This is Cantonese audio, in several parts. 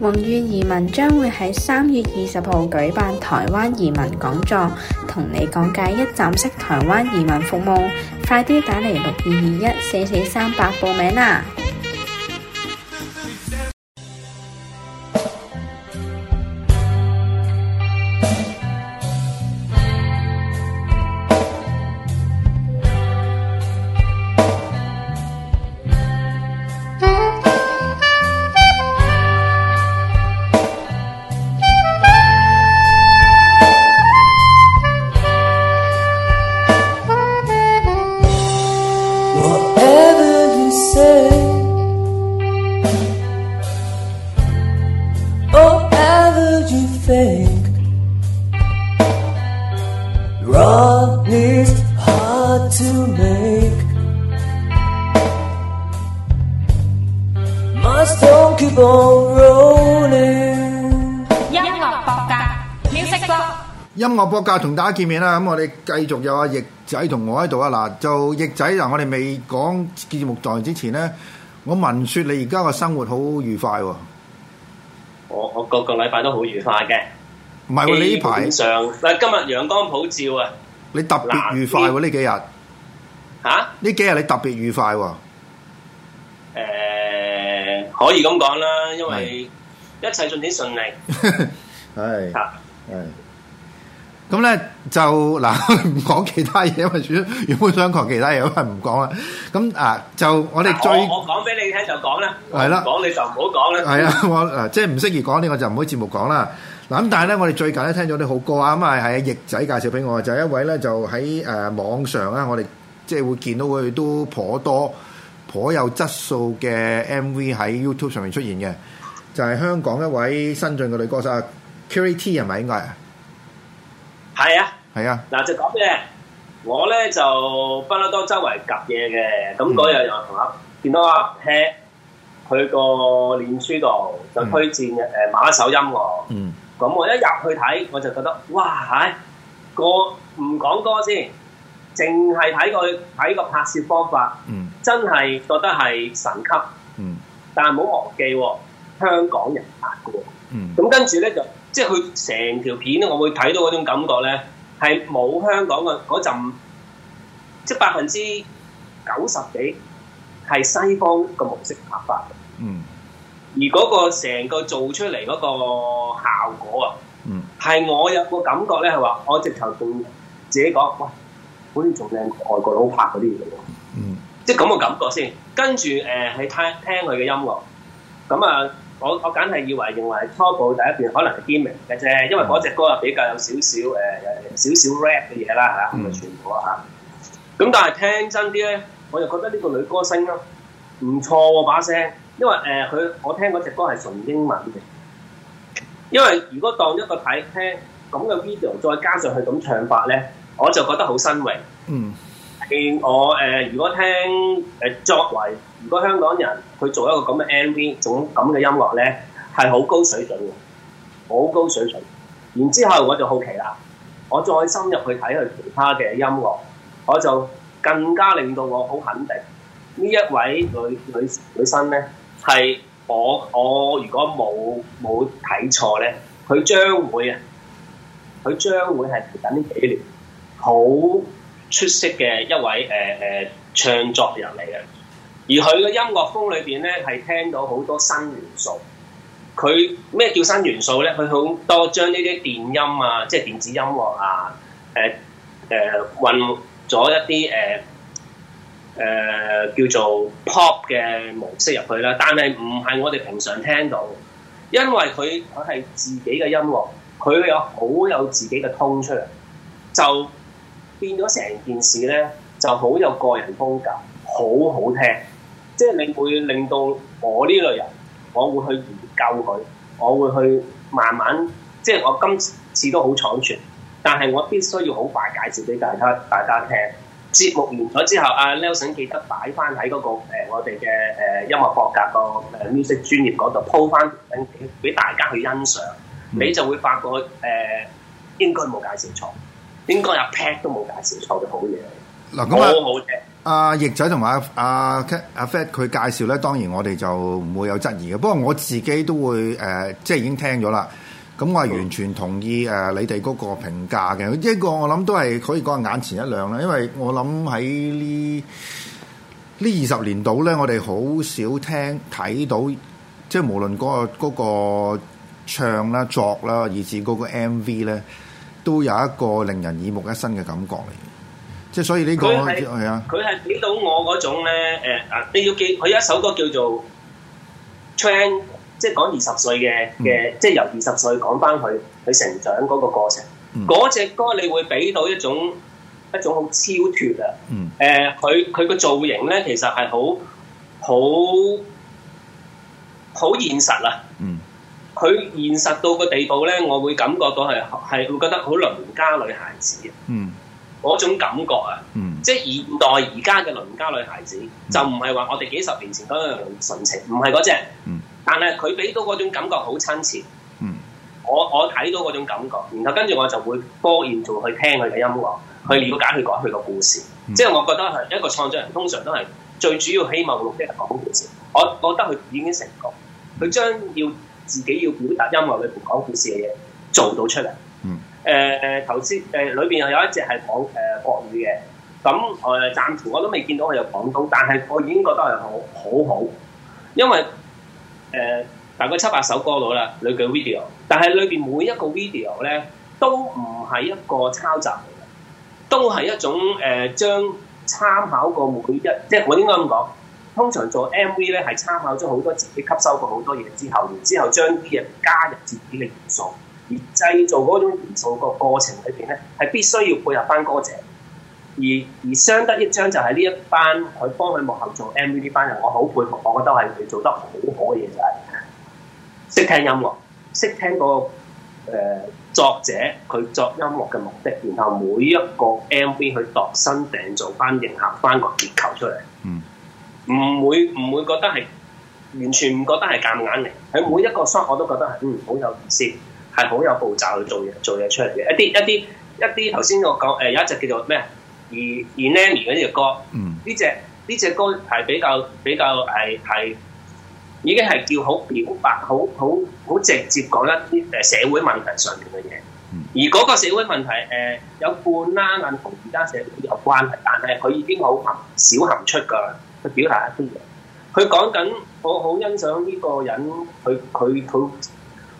宏遠移民將會喺三月二十號舉辦台灣移民講座，同你講解一站式台灣移民服務，快啲打嚟六二二一四四三八報名啦！音樂博格，博音樂博格同大家見面啦！咁我哋繼續有阿易仔翼仔同我喺度啊！嗱，就翼仔嗱，我哋未講節目在之前咧，我聞說你而家個生活好愉快，我我個個禮拜都好愉快嘅，唔係喎？你呢排上嗱，今日陽光普照啊，你特別愉快喎！呢天幾日，吓、啊？呢幾日你特別愉快喎？可以咁講啦，因為一切進展順利。係，係。咁咧就嗱，唔講其他嘢，因為主原本想講其他嘢，咁係唔講啦。咁啊，就我哋最我講俾你聽就講啦，係啦，講你就唔好講啦。係啦，我嗱即係唔適宜講咧，我就唔好節目講啦。嗱咁，但係咧，我哋最近咧聽咗啲好歌啊，咁啊係啊，翼仔介紹俾我，就一位咧就喺誒網上咧，我哋即係會見到佢都頗多。頗有質素嘅 MV 喺 YouTube 上面出現嘅，就係香港一位新晉嘅女歌手啊，Kiri T 係咪應該啊？係啊，係啊。嗱就講嘅，我咧就不嬲多周圍揼嘢嘅，咁嗰日又同阿見到阿 He，佢個臉書度就推薦嘅誒馬首音樂，咁、嗯嗯、我一入去睇我就覺得哇，個唔講歌先。淨係睇佢睇個拍攝方法，嗯、真係覺得係神級。嗯、但係唔好忘記、哦、香港人拍嘅、哦。咁、嗯、跟住咧就，即係佢成條片咧，我會睇到嗰種感覺咧，係冇香港嘅嗰陣，即係百分之九十幾係西方嘅模式拍法。嗯，而嗰個成個做出嚟嗰個效果啊，係、嗯、我有個感覺咧，係話我直頭同自己講，哇！好似仲靚外國佬拍嗰啲嘢，嗯，即係咁嘅感覺先。跟住誒，去、呃、聽聽佢嘅音樂。咁啊，我我梗係以為認為初步第一段可能係英文嘅啫，因為嗰隻歌啊比較有少少誒、呃、少少 rap 嘅嘢啦吓，唔係、嗯、全部啊吓。咁但係聽真啲咧，我又覺得呢個女歌星咯、啊，唔錯把聲，因為誒佢、呃、我聽嗰隻歌係純英文嘅。因為如果當一個睇聽咁嘅 video，再加上佢咁唱法咧。我就覺得好新穎，嗯，係、欸、我誒、呃，如果聽誒、呃、作為，如果香港人佢做一個咁嘅 MV，種咁嘅音樂咧，係好高水準嘅，好高水準。然之後我就好奇啦，我再深入去睇佢其他嘅音樂，我就更加令到我好肯定呢一位女女女生咧，係我我如果冇冇睇錯咧，佢將會啊，佢將會係等呢幾年。好出色嘅一位誒誒、呃、唱作人嚟嘅，而佢嘅音樂風裏邊咧，係聽到好多新元素。佢咩叫新元素咧？佢好多將呢啲電音啊，即係電子音樂啊，誒誒混咗一啲誒誒叫做 pop 嘅模式入去啦。但係唔係我哋平常聽到，因為佢佢係自己嘅音樂，佢有好有自己嘅 tone 出嚟，就。變咗成件事呢，就好有個人風格，好好聽。即係你會令到我呢類人，我會去研究佢，我會去慢慢。即係我今次都好倉促，但係我必須要好快介紹俾大家大家聽。節目完咗之後，阿、啊、Nelson 記得擺翻喺嗰個、呃、我哋嘅誒音樂博格個、呃、music 專業嗰度鋪翻俾大家去欣賞。你就會發覺誒、呃、應該冇介紹錯。應該阿 Pat 都冇介紹錯嘅好嘢。嗱咁我冇聽。啊，阿翼仔同埋阿阿 pat 佢介紹咧，當然我哋就唔會有質疑嘅。不過我自己都會誒、呃，即係已經聽咗啦。咁我係完全同意誒、呃、你哋嗰個評價嘅。一個我諗都係可以講係眼前一亮啦，因為我諗喺呢呢二十年度咧，我哋好少聽睇到，即係無論嗰、嗰個嗰個唱啦、作啦，以至嗰個 MV 咧，都有一個令人耳目一新嘅感覺嚟嘅，即係所以呢、呢個係是是啊，佢係俾到我嗰種咧，誒、呃、啊！你要記佢有一首歌叫做 Train，《Train》嗯，即係講二十歲嘅嘅，即係由二十歲講返佢佢成長嗰個過程。嗰隻、嗯、歌你會俾到一種一種好超脫啊！誒、呃，佢佢個造型咧，其實係好好好現實啦。嗯。佢現實到個地步咧，我會感覺到係係會覺得好鄰家女孩子嘅，嗰、嗯、種感覺啊，嗯、即係現代而家嘅鄰家女孩子、嗯、就唔係話我哋幾十年前嗰樣純情，唔係嗰隻，嗯、但係佢俾到嗰種感覺好親切，嗯、我我睇到嗰種感覺，然後跟住我就會多延續去聽佢嘅音樂，嗯、去了解佢去講佢個故事，嗯、即係我覺得係一個創作人通常都係最主要希望嘅目的係講故事，我覺得佢已經成功，佢將要自己要表達音樂裏邊講故事嘅嘢做到出嚟。誒頭先誒裏邊又有一隻係講誒國語嘅，咁誒暫時我都未見到佢有廣東，但係我已經覺得係好好好，因為誒、呃、大概七八首歌到啦，裏嘅 video，但係裏邊每一個 video 咧都唔係一個抄襲嚟嘅，都係一種誒、呃、將參考過每一，即係我應該咁講。通常做 MV 咧係參考咗好多自己吸收過好多嘢之後，然之後將啲嘢加入自己嘅元素，而製造嗰種元素個過程裏邊咧係必須要配合翻歌者，而而相得益彰就係呢一班佢幫佢幕後做 MV 呢班人，我好佩服，我覺得係佢做得好好嘅嘢就係、是、識聽音樂，識聽、個誒、呃、作者佢作音樂嘅目的，然後每一個 MV 去度身訂做翻，迎合翻個結構出嚟。嗯。唔會唔會覺得係完全唔覺得係夾硬嚟，喺每一個 shot 我都覺得係嗯，好有意思，係好有步驟去做嘢做嘢出嚟嘅。一啲一啲一啲頭先我講誒、呃、有一隻叫做咩，而而 Nami 嗰隻歌，嗯，呢隻呢隻歌係比較比較係係已經係叫好表白，好好好直接講一啲誒社會問題上面嘅嘢。嗯、而嗰個社會問題誒、呃、有半啦，硬同而家社會有關係，但係佢已經好含少含出噶。表達一啲嘢，佢講緊我好欣賞呢個人，佢佢佢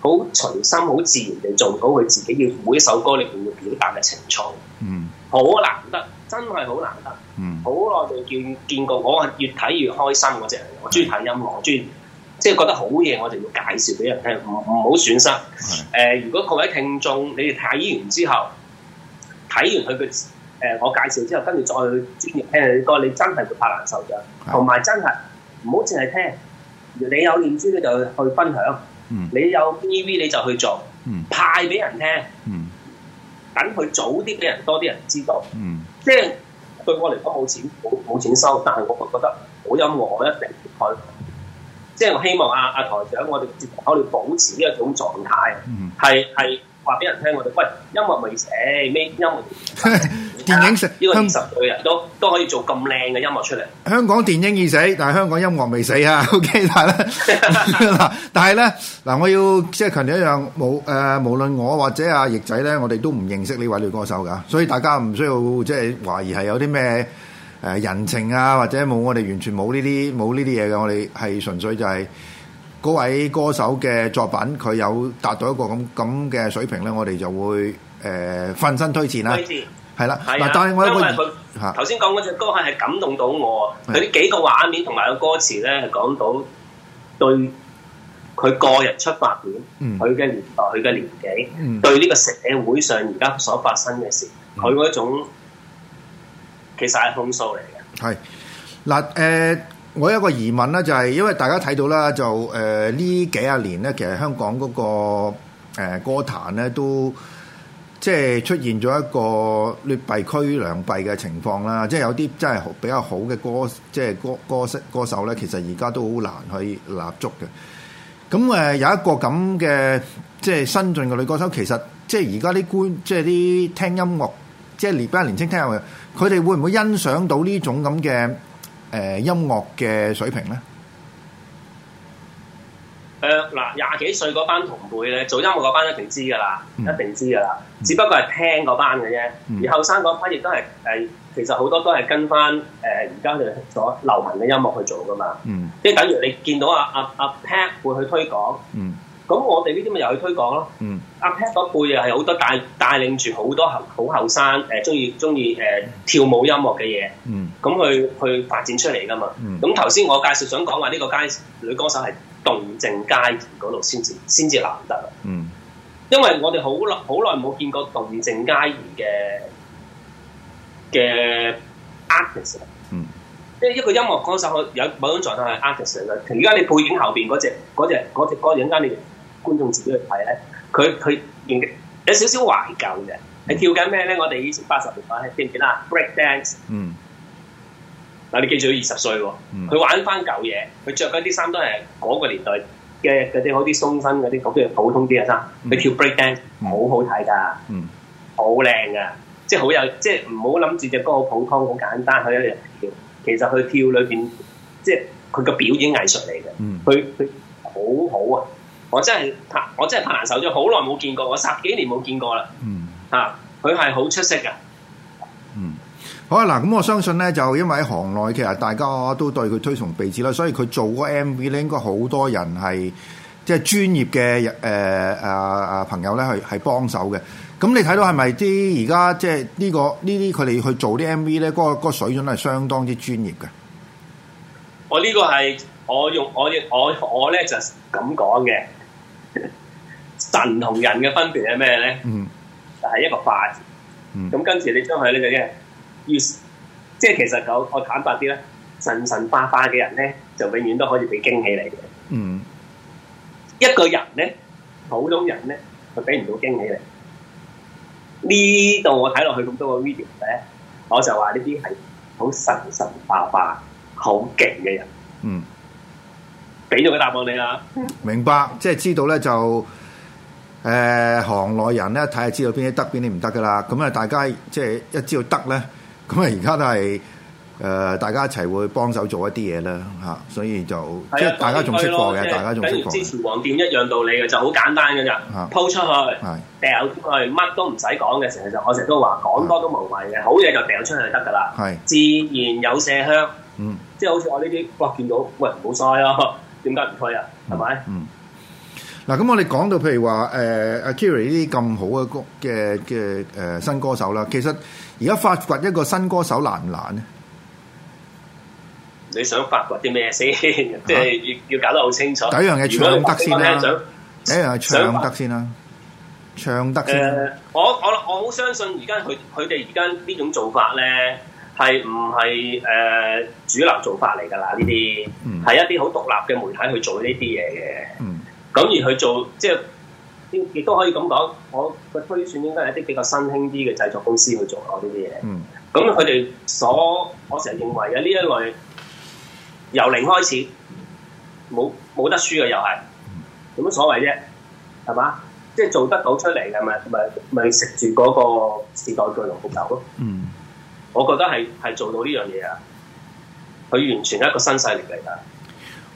好隨心好自然地做到佢自己要每一首歌裏面要表達嘅情緒，嗯，好難得，真係好難得，嗯，好耐就見見，見過，我係越睇越開心，我即係我中意睇音樂，我中意即係覺得好嘢，我就要介紹俾人聽，唔唔好損失。誒的、呃，如果各位聽眾，你哋睇完之後睇完佢嘅。誒，我介紹之後，跟住再去專業聽你個，你真係會怕難受嘅。同埋真係唔好淨係聽，你有念珠你就去分享，你有 V V 你就去做，派俾人聽，等佢早啲俾人多啲人知道。即係對我嚟講冇錢冇冇錢收，但係我覺得好音樂我一定去。即係我希望阿阿台長，我哋要考，要保持呢一種狀態，係係話俾人聽，我哋喂音樂未死，咩音樂？電影成呢個二十歲人都都可以做咁靚嘅音樂出嚟。香港電影已死，但係香港音樂未死啊！OK，但係咧，嗱，但係咧，嗱，我要即係強調一樣，無誒，無論我或者阿翼仔咧，我哋都唔認識呢位女歌手噶，所以大家唔需要即係懷疑係有啲咩誒人情啊，或者冇我哋完全冇呢啲冇呢啲嘢嘅，我哋係純粹就係嗰位歌手嘅作品，佢有達到一個咁咁嘅水平咧，我哋就會誒奮身推薦啦。係啦，係啊，因為佢頭先講嗰隻歌係係感動到我，佢呢的幾個畫面同埋個歌詞咧係講到對佢個人出發點，佢嘅、嗯、年代、佢嘅、嗯、年紀，嗯、對呢個社會上而家所發生嘅事，佢嗰一種其實係控訴嚟嘅。係嗱，誒，我有一個疑問咧、就係，就係因為大家睇到啦，就誒呢、呃、幾廿年咧，其實香港嗰、嗰個誒、呃、歌壇咧都。即係出現咗一個劣幣驅良幣嘅情況啦，即係有啲真係比較好嘅歌，即係歌歌聲歌手咧，其實而家都好難去立足嘅。咁誒、呃、有一個咁嘅即係新進嘅女歌手，其實即係而家啲觀，即係啲聽音樂，即係年比較年青聽下佢，佢哋會唔會欣賞到呢種咁嘅誒音樂嘅水平咧？誒嗱，廿幾歲嗰班同輩咧，做音樂嗰班一定知噶啦，一定知噶啦。只不過係聽嗰班嘅啫，而後生嗰班亦都係誒，其實好多都係跟翻誒而家嘅所流行嘅音樂去做噶嘛。即係等於你見到阿阿阿 Pat 會去推廣，咁我哋呢啲咪又去推廣咯。阿 Pat 嗰輩又係好多帶帶領住好多後好後生誒，中意中意誒跳舞音樂嘅嘢。咁去去發展出嚟噶嘛。咁頭先我介紹想講話呢個新女歌手係。動靜皆宜嗰度先至先至難得，嗯，因為我哋好耐好耐冇見過動靜皆宜嘅嘅 artist，嗯，即係一個音樂歌手，有某種狀態係 artist 嘅。而家你背景後邊嗰隻嗰隻嗰隻歌，陣間你觀眾自己去睇咧，佢佢有少少懷舊嘅。係、嗯、跳緊咩咧？我哋以前八十年代咧，記唔記得啊？Breakdance，嗯。嗱，你記住、哦，佢二十歲喎，佢玩翻舊嘢，佢着嗰啲衫都係嗰個年代嘅嗰啲，好啲鬆身嗰啲咁嘅普通啲嘅衫，佢、嗯、跳 break dance 好好睇㗎，好靚噶，即係好有，即係唔好諗住隻歌好普通，好簡單，佢一日跳，其實佢跳裏邊，即係佢嘅表演藝術嚟嘅，佢佢好好啊，我真係拍，我真係拍爛手掌，好耐冇見過，我十幾年冇見過啦，嗯、啊，佢係好出色噶。好啊！嗱，咁我相信咧，就因為喺行內其實大家都對佢推崇備至啦，所以佢做嗰 M V 咧，應該好多人係即係專業嘅誒誒誒朋友咧，係係幫手嘅。咁你睇到係咪啲而家即係呢個呢啲佢哋去做啲 M V 咧，嗰個，嗰個水準係相當之專業嘅。我呢個係我用我我我咧就咁講嘅。神同人嘅分別係咩咧？嗯，就係一個化字。嗯，咁跟住你將佢呢隻嘢。即係，其實我我坦白啲咧，神神化化嘅人咧，就永遠都可以俾驚喜你嘅。嗯，一個人咧，普通人咧，佢俾唔到驚喜你。呢度我睇落去咁多個 video 咧，我就話呢啲係好神神化化、好勁嘅人。嗯，俾咗個答案你啦。明白，即係知道咧就，誒、呃，行內人咧睇下知道邊啲得，邊啲唔得噶啦。咁啊，大家即係一知道得咧。咁啊，而家都係誒，大家一齊會幫手做一啲嘢啦嚇，所以就、啊、即係大家仲識貨嘅，是大家仲識貨。跟住之前黃店一樣道理嘅，就好簡單噶咋，啊、鋪出去，掉是的 出去，乜都唔使講嘅，成日就我成日都話講多都無謂嘅，是的 好嘢就掉出去就得噶啦，是的 自然有麝香。嗯，即係好似我呢啲，哇，見到喂，唔好嘥咯，點解唔推啊？係咪、嗯嗯？嗯。嗱，咁、啊、我哋講到譬如話，誒阿 Kiri 呢啲咁好嘅歌嘅嘅誒新歌手啦，其實而家發掘一個新歌手難唔難咧？你想發掘啲咩先？ 即係要要搞得好清楚。第一樣嘢唱得先啦、啊，第一樣係唱得先啦、啊，唱得先。誒，我我我好相信而家佢佢哋而家呢種做法咧，係唔係誒主流做法嚟㗎啦？呢啲係一啲好獨立嘅媒體去做呢啲嘢嘅。嗯。咁而去做，即係亦都可以咁講，我個推算應該係一啲比較新興啲嘅製作公司去做我呢啲嘢。嗯，咁佢哋所我成日認為嘅呢一類，由零開始，冇冇得輸嘅又係，有乜所謂啫？係嘛，即係做得到出嚟嘅咪咪咪食住嗰個時代巨龍嘅頭咯。嗯，我覺得係係做到呢樣嘢啊，佢完全係一個新勢力嚟噶。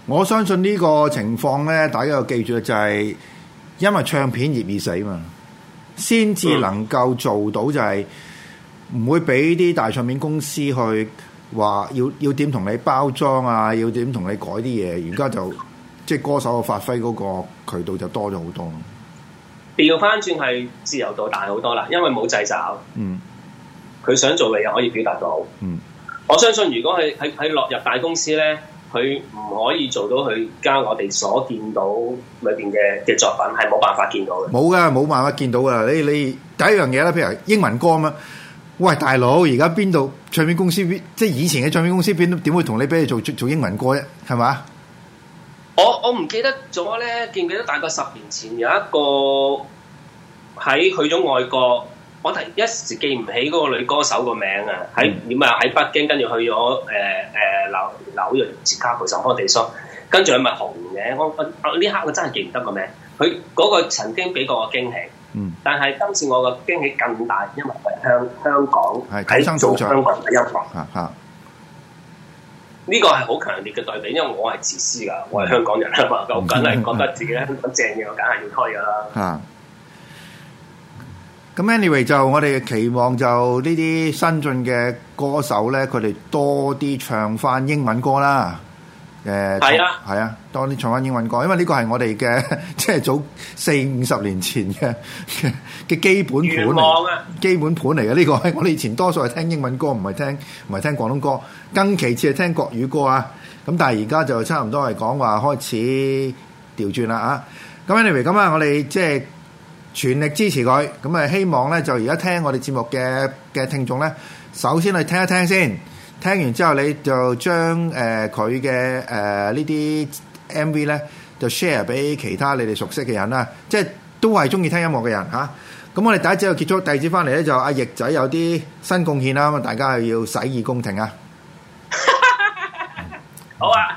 我相信呢個情況咧，大家要記住就係因為唱片業而死嘛，先至能夠做到就係唔會俾啲大唱片公司去話要要點同你包裝啊，要點同你改啲嘢。而家就即係歌手嘅發揮嗰個渠道就多咗好多。調翻轉係自由度大好多啦，因為冇掣肘。嗯，佢想做你，又可以表達到。嗯，我相信如果係喺喺落入大公司咧。佢唔可以做到佢加我哋所見到裏邊嘅嘅作品係冇辦法見到嘅。冇㗎，冇辦法見到㗎。你你第一樣嘢啦，譬如英文歌啊嘛。喂，大佬，而家邊度唱片公司？即係以前嘅唱片公司，邊點會同你俾你做做英文歌啫？係嘛？我我唔記得咗咧，記唔記得大概十年前有一個喺去咗外國。我一時記唔起嗰個女歌手個名啊！喺點啊？喺北京跟住去咗誒誒紐紐約、芝加哥、什科地蘇，跟住佢咪紅嘅。我呢刻我真係記唔得個名。佢嗰個曾經俾過我驚喜，嗯、但係今次我嘅驚喜更大，因為佢香香港喺祖國香港嘅音樂嚇嚇。呢個係好強烈嘅對比，因為我係自私㗎，我係香港人啊嘛，我梗係覺得自己咧香港正嘅，我梗係要推㗎啦嚇。嗯嗯嗯嗯嗯嗯咁 anyway 就我哋期望就呢啲新進嘅歌手咧，佢哋多啲唱翻英文歌啦。誒，係啦，係啊，多啲唱翻英文歌，因為呢個係我哋嘅即係早四五十年前嘅嘅基本盤嚟，基本盤嚟嘅，呢個係我哋以前多數係聽英文歌，唔係聽唔係聽廣東歌，更其次係聽國語歌啊。咁但係而家就差唔多係講話開始調轉啦啊！咁 anyway，咁啊，我哋即係。全力支持佢，咁啊希望咧就而家聽我哋節目嘅嘅聽眾咧，首先去聽一聽先，聽完之後你就將誒佢嘅誒呢啲 MV 咧，就 share 俾其他你哋熟悉嘅人啦，即係都係中意聽音樂嘅人嚇。咁我哋第一節就結束，第二節翻嚟咧就阿翼仔有啲新貢獻啦，咁啊大家係要洗耳恭聽啊！好啊！